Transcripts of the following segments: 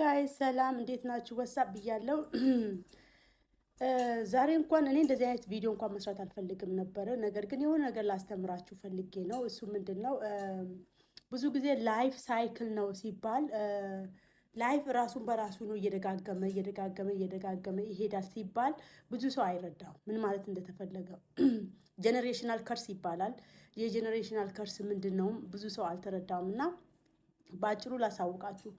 ጋይ ሰላም እንዴት ናችሁ? ወሳብ ብያለው። ዛሬ እንኳን እኔ እንደዚህ አይነት ቪዲዮ እንኳን መስራት አልፈልግም ነበረ። ነገር ግን የሆነ ነገር ላስተምራችሁ ፈልጌ ነው። እሱ ምንድን ነው? ብዙ ጊዜ ላይፍ ሳይክል ነው ሲባል ላይፍ ራሱን በራሱ ነው እየደጋገመ እየደጋገመ እየደጋገመ ይሄዳል ሲባል ብዙ ሰው አይረዳው ምን ማለት እንደተፈለገው። ጀኔሬሽናል ከርስ ይባላል። የጀኔሬሽናል ከርስ ምንድን ነው? ብዙ ሰው አልተረዳውም እና በአጭሩ ላሳውቃችሁ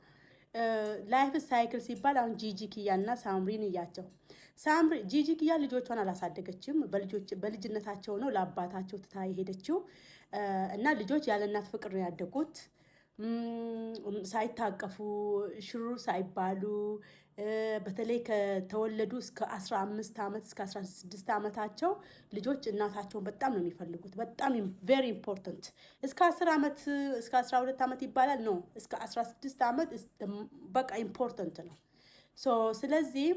ላይፍ ሳይክል ሲባል አሁን ጂጂ ና ሳምሪን እያቸው። ሳምሪ ጂጂ ኪያ ልጆቿን አላሳደገችም። በልጅነታቸው ነው ለአባታቸው ትታ የሄደችው እና ልጆች ያለ እናት ፍቅር ነው ያደጉት። ሳይታቀፉ ሽሩ ሳይባሉ በተለይ ከተወለዱ እስከ 15 ዓመት እስከ 16 ዓመታቸው ልጆች እናታቸውን በጣም ነው የሚፈልጉት። በጣም ቨሪ ኢምፖርታንት። እስከ 10 ዓመት እስከ 12 ዓመት ይባላል ነው እስከ 16 ዓመት በቃ ኢምፖርታንት ነው። ሶ ስለዚህ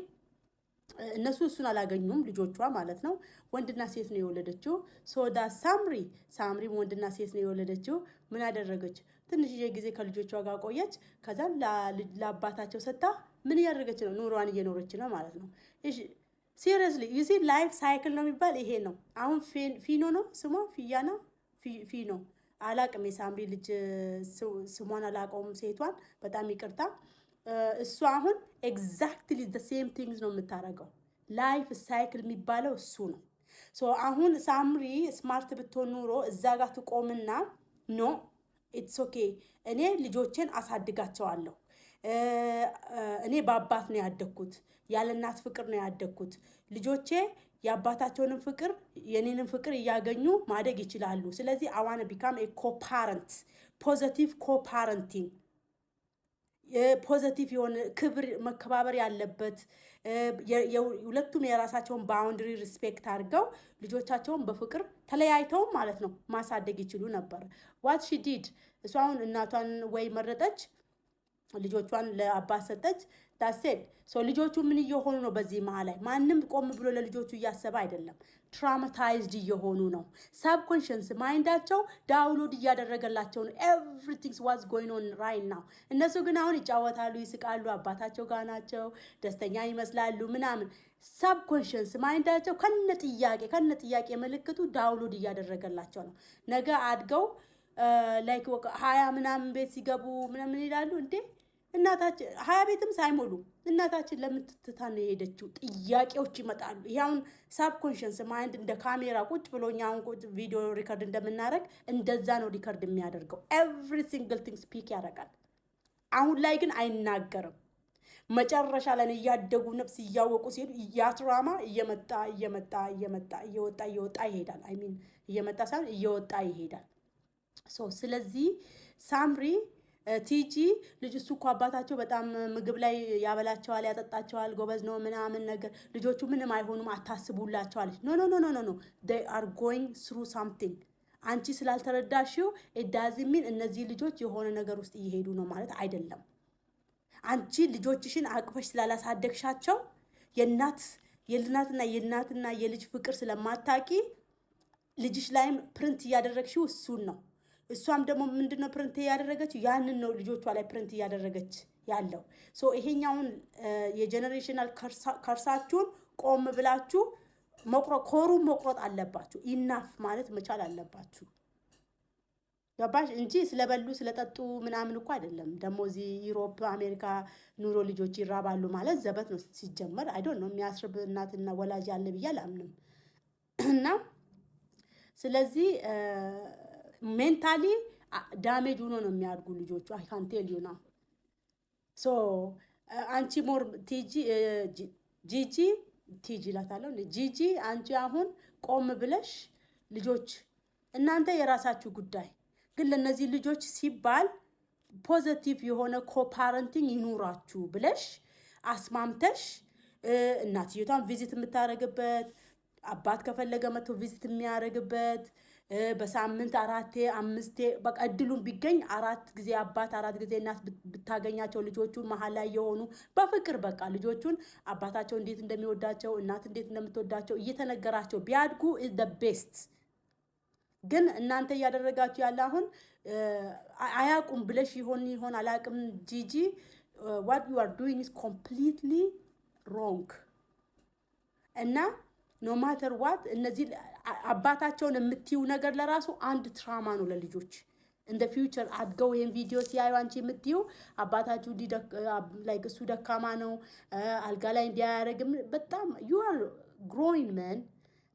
እነሱ እሱን አላገኙም፣ ልጆቿ ማለት ነው። ወንድና ሴት ነው የወለደችው። ሶዳ ሳምሪ ሳምሪ ወንድና ሴት ነው የወለደችው። ምን አደረገች? ትንሽዬ ጊዜ ከልጆቿ ጋር ቆየች። ከዛ ለአባታቸው ሰታ ምን እያደረገች ነው? ኑሯን እየኖረች ነው ማለት ነው። ሲሪየስሊ ዩዚ ላይፍ ሳይክል ነው የሚባል ይሄ ነው። አሁን ፊኖ ነው ስሟ፣ ፊያና ፊኖ አላቅም። የሳምሪ ልጅ ስሟን አላቀውም፣ ሴቷን በጣም ይቅርታ። እሱ አሁን ኤግዛክትሊ ሴም ቲንግስ ነው የምታደርገው። ላይፍ ሳይክል የሚባለው እሱ ነው። ሶ አሁን ሳምሪ ስማርት ብትሆን ኑሮ እዛ ጋር ትቆምና ኖ ኢትስ ኦኬ። እኔ ልጆቼን አሳድጋቸዋለሁ። እኔ በአባት ነው ያደግኩት፣ ያለ እናት ፍቅር ነው ያደግኩት። ልጆቼ የአባታቸውንም ፍቅር የኔንም ፍቅር እያገኙ ማደግ ይችላሉ። ስለዚህ አዋነ ቢካም ኮፓረንት ፖዘቲቭ ኮፓረንቲንግ ፖዘቲቭ የሆነ ክብር መከባበር ያለበት ሁለቱም የራሳቸውን ባውንድሪ ሪስፔክት አድርገው ልጆቻቸውን በፍቅር ተለያይተውም ማለት ነው ማሳደግ ይችሉ ነበር። ዋት ሺ ዲድ እሷ አሁን እናቷን ወይ መረጠች፣ ልጆቿን ለአባት ሰጠች። ዳሴድ ሰው ልጆቹ ምን እየሆኑ ነው? በዚህ መሀል ላይ ማንም ቆም ብሎ ለልጆቹ እያሰበ አይደለም። ትራማታይዝድ እየሆኑ ነው። ሳብኮንሽንስ ማይንዳቸው ዳውንሎድ እያደረገላቸው ነው። ኤቭሪቲንግስ ዋዝ ጎይን ኦን ራይት ናው። እነሱ ግን አሁን ይጫወታሉ፣ ይስቃሉ፣ አባታቸው ጋር ናቸው፣ ደስተኛ ይመስላሉ ምናምን። ሳብኮንሽንስ ማይንዳቸው ከነ ጥያቄ ከነ ጥያቄ ምልክቱ ዳውንሎድ እያደረገላቸው ነው። ነገ አድገው ላይክ ሀያ ምናምን ቤት ሲገቡ ምናምን ይላሉ እንዴ እናታችን ሀያ ቤትም ሳይሞሉ እናታችን ለምትትታ ነው የሄደችው። ጥያቄዎች ይመጣሉ። ይሄ አሁን ሳብኮንሽንስ ማይንድ እንደ ካሜራ ቁጭ ብሎ አሁን ቪዲዮ ሪከርድ እንደምናደርግ እንደዛ ነው ሪከርድ የሚያደርገው። ኤቭሪ ሲንግል ቲንግ ስፒክ ያደርጋል። አሁን ላይ ግን አይናገርም። መጨረሻ ላይ እያደጉ ነፍስ እያወቁ ሲሄዱ ያ ትራማ እየመጣ እየመጣ እየመጣ እየወጣ እየወጣ ይሄዳል። አይ ሚን እየመጣ ሳይሆን እየወጣ ይሄዳል። ሶ ስለዚህ ሳምሪ ቲጂ ልጅ እሱ እኮ አባታቸው በጣም ምግብ ላይ ያበላቸዋል፣ ያጠጣቸዋል፣ ጎበዝ ነው ምናምን ነገር ልጆቹ ምንም አይሆኑም አታስቡላቸዋለች። ኖ ኖ ኖ ኖ ኖ ዴይ አር ጎይንግ ስሩ ሳምቲንግ አንቺ ስላልተረዳሽው ኤዳዝሚን እነዚህ ልጆች የሆነ ነገር ውስጥ እየሄዱ ነው ማለት አይደለም። አንቺ ልጆችሽን አቅፈሽ ስላላሳደግሻቸው የእናት የልናትና የእናትና የልጅ ፍቅር ስለማታቂ ልጅሽ ላይም ፕሪንት እያደረግሽው እሱን ነው እሷም ደግሞ ምንድነው ፕሪንት እያደረገችው ያንን ነው ልጆቿ ላይ ፕሪንት እያደረገች ያለው። ሶ ይሄኛውን የጀኔሬሽናል ከርሳችሁን ቆም ብላችሁ ኮሩ መቁረጥ አለባችሁ። ኢናፍ ማለት መቻል አለባችሁ። ገባሽ እንጂ ስለበሉ ስለጠጡ ምናምን እኮ አይደለም። ደግሞ እዚህ ዩሮፕ አሜሪካ ኑሮ ልጆች ይራባሉ ማለት ዘበት ነው ሲጀመር። አይዶ ነው የሚያስርብ እናትና ወላጅ ያለ ብዬ አላምንም እና ስለዚህ ሜንታሊ ዳሜጅ ah, ሆኖ ነው የሚያድጉ ልጆቹ። አይካንቴል ዩ ናው ሶ አንቺ ሞር ቲጂ eh, ጂጂ ቲጂ እላታለሁ ጂጂ። አንቺ አሁን ቆም ብለሽ ልጆች እናንተ የራሳችሁ ጉዳይ ግን ለእነዚህ ልጆች ሲባል ፖዘቲቭ የሆነ ኮፓረንቲንግ ይኑራችሁ ብለሽ አስማምተሽ eh, እናትየቷን ቪዚት የምታደርግበት አባት ከፈለገ መጥቶ ቪዚት የሚያደርግበት በሳምንት አራቴ አምስቴ በቃ እድሉን ቢገኝ አራት ጊዜ አባት አራት ጊዜ እናት ብታገኛቸው ልጆቹ መሀል ላይ የሆኑ በፍቅር በቃ ልጆቹን አባታቸው እንዴት እንደሚወዳቸው እናት እንዴት እንደምትወዳቸው እየተነገራቸው ቢያድጉ ዘ ቤስት። ግን እናንተ እያደረጋችሁ ያለ አሁን አያውቁም ብለሽ ይሆን ይሆን አላውቅም። ጂጂ ዋት ዩ አር ዱይንግ ኢዝ ኮምፕሊትሊ ሮንግ እና ኖ ማተር ዋት እነዚህ አባታቸውን የምትዩ ነገር ለራሱ አንድ ትራማ ነው ለልጆች እንደ ፊውቸር አድገው ይሄን ቪዲዮ ሲያዩ አንቺ የምትዩ አባታችሁ ላይ እሱ ደካማ ነው አልጋ ላይ እንዲያያደርግም በጣም ዩ አር መን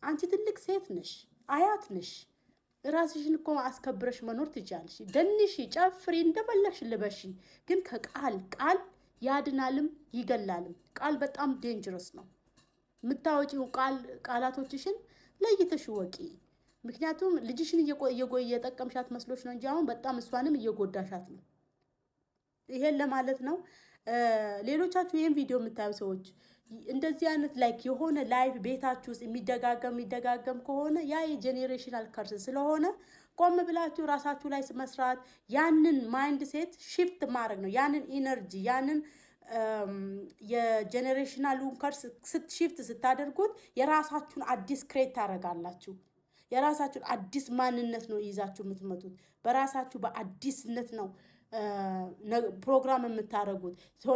አንቺ ትልቅ ሴት ነሽ፣ አያት ነሽ። ራስሽን እኮ አስከብረሽ መኖር ትቻለሽ። ደንሽ፣ ጨፍሪ፣ እንደፈለግሽ ልበሺ። ግን ከቃል ቃል ያድናልም ይገላልም። ቃል በጣም ዴንጀረስ ነው። የምታወጪው ቃላቶችሽን ለይተሽ ወቂ። ምክንያቱም ልጅሽን እየጠቀምሻት መስሎች ነው እንጂ አሁን በጣም እሷንም እየጎዳሻት ነው። ይሄን ለማለት ነው። ሌሎቻችሁ ይህን ቪዲዮ የምታዩ ሰዎች እንደዚህ አይነት ላይክ የሆነ ላይፍ ቤታችሁ ውስጥ የሚደጋገም የሚደጋገም ከሆነ ያ የጄኔሬሽናል ከርስ ስለሆነ ቆም ብላችሁ ራሳችሁ ላይ መስራት ያንን ማይንድ ሴት ሺፍት ማድረግ ነው። ያንን ኢነርጂ ያንን የጀኔሬሽናሉን ከርስ ስትሺፍት ስታደርጉት የራሳችሁን አዲስ ክሬት ታደርጋላችሁ። የራሳችሁን አዲስ ማንነት ነው ይዛችሁ የምትመጡት። በራሳችሁ በአዲስነት ነው ፕሮግራም የምታደርጉት።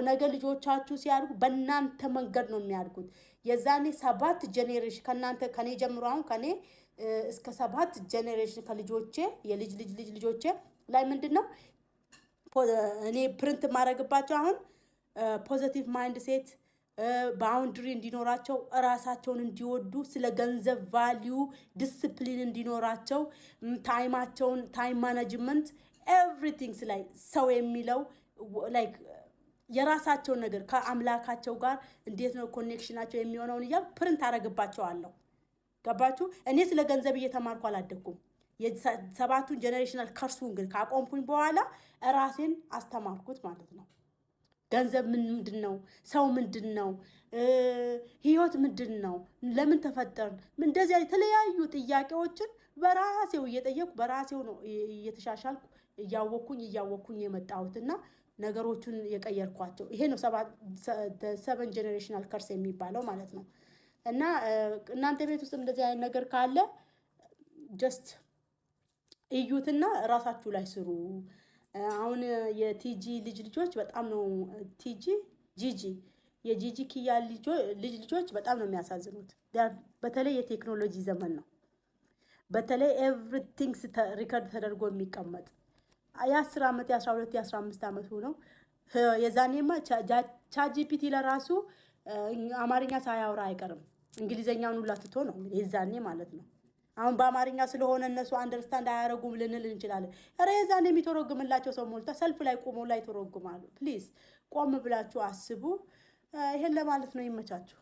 ነገ ልጆቻችሁ ሲያድጉ በእናንተ መንገድ ነው የሚያድጉት። የዛኔ ሰባት ጀኔሬሽን ከእናንተ ከኔ ጀምሮ አሁን ከኔ እስከ ሰባት ጄኔሬሽን ከልጆቼ የልጅ ልጅ ልጅ ልጆቼ ላይ ምንድን ነው እኔ ፕሪንት የማደርግባቸው አሁን ፖዘቲቭ ማይንድ ሴት ባውንድሪ እንዲኖራቸው እራሳቸውን እንዲወዱ ስለ ገንዘብ ቫሊዩ ዲስፕሊን እንዲኖራቸው ታይማቸውን ታይም ማናጅመንት ኤቭሪቲንግስ ላይ ሰው የሚለው ላይክ የራሳቸውን ነገር ከአምላካቸው ጋር እንዴት ነው ኮኔክሽናቸው የሚሆነውን እያል ፕሪንት አደርግባቸዋለሁ። ገባችሁ? እኔ ስለ ገንዘብ እየተማርኩ አላደግኩም። ሰባቱን ጀኔሬሽናል ከርሱን ግን ካቆምኩኝ በኋላ ራሴን አስተማርኩት ማለት ነው። ገንዘብ ምንድን ነው? ሰው ምንድን ነው? ህይወት ምንድን ነው? ለምን ተፈጠርን? እንደዚያ የተለያዩ ጥያቄዎችን በራሴው እየጠየኩ በራሴው ነው እየተሻሻልኩ እያወኩኝ እያወኩኝ የመጣሁትና ነገሮቹን የቀየርኳቸው ይሄ ነው ሰቨን ጀኔሬሽናል ከርስ የሚባለው ማለት ነው። እና እናንተ ቤት ውስጥ እንደዚህ አይነት ነገር ካለ ጀስት እዩትና ራሳችሁ ላይ ስሩ። አሁን የቲጂ ልጅ ልጆች በጣም ነው ቲጂ ጂጂ የጂጂ ኪያ ልጅ ልጆች በጣም ነው የሚያሳዝኑት። በተለይ የቴክኖሎጂ ዘመን ነው። በተለይ ኤቭሪቲንግስ ሪከርድ ተደርጎ የሚቀመጥ የአስር ዓመት የአስራ ሁለት የአስራ አምስት ዓመት ሆነው የዛኔማ ቻጂፒቲ ለራሱ አማርኛ ሳያወራ አይቀርም። እንግሊዝኛውን ሁላ ትቶ ነው የዛኔ ማለት ነው። አሁን በአማርኛ ስለሆነ እነሱ አንደርስታንድ አያደረጉም ልንል እንችላለን። ኧረ የዛን የሚተረጉምላቸው ሰው ሞልታ ሰልፍ ላይ ቆሞ ላይ ተረጉማሉ። ፕሊዝ ቆም ብላችሁ አስቡ። ይሄን ለማለት ነው። ይመቻችሁ።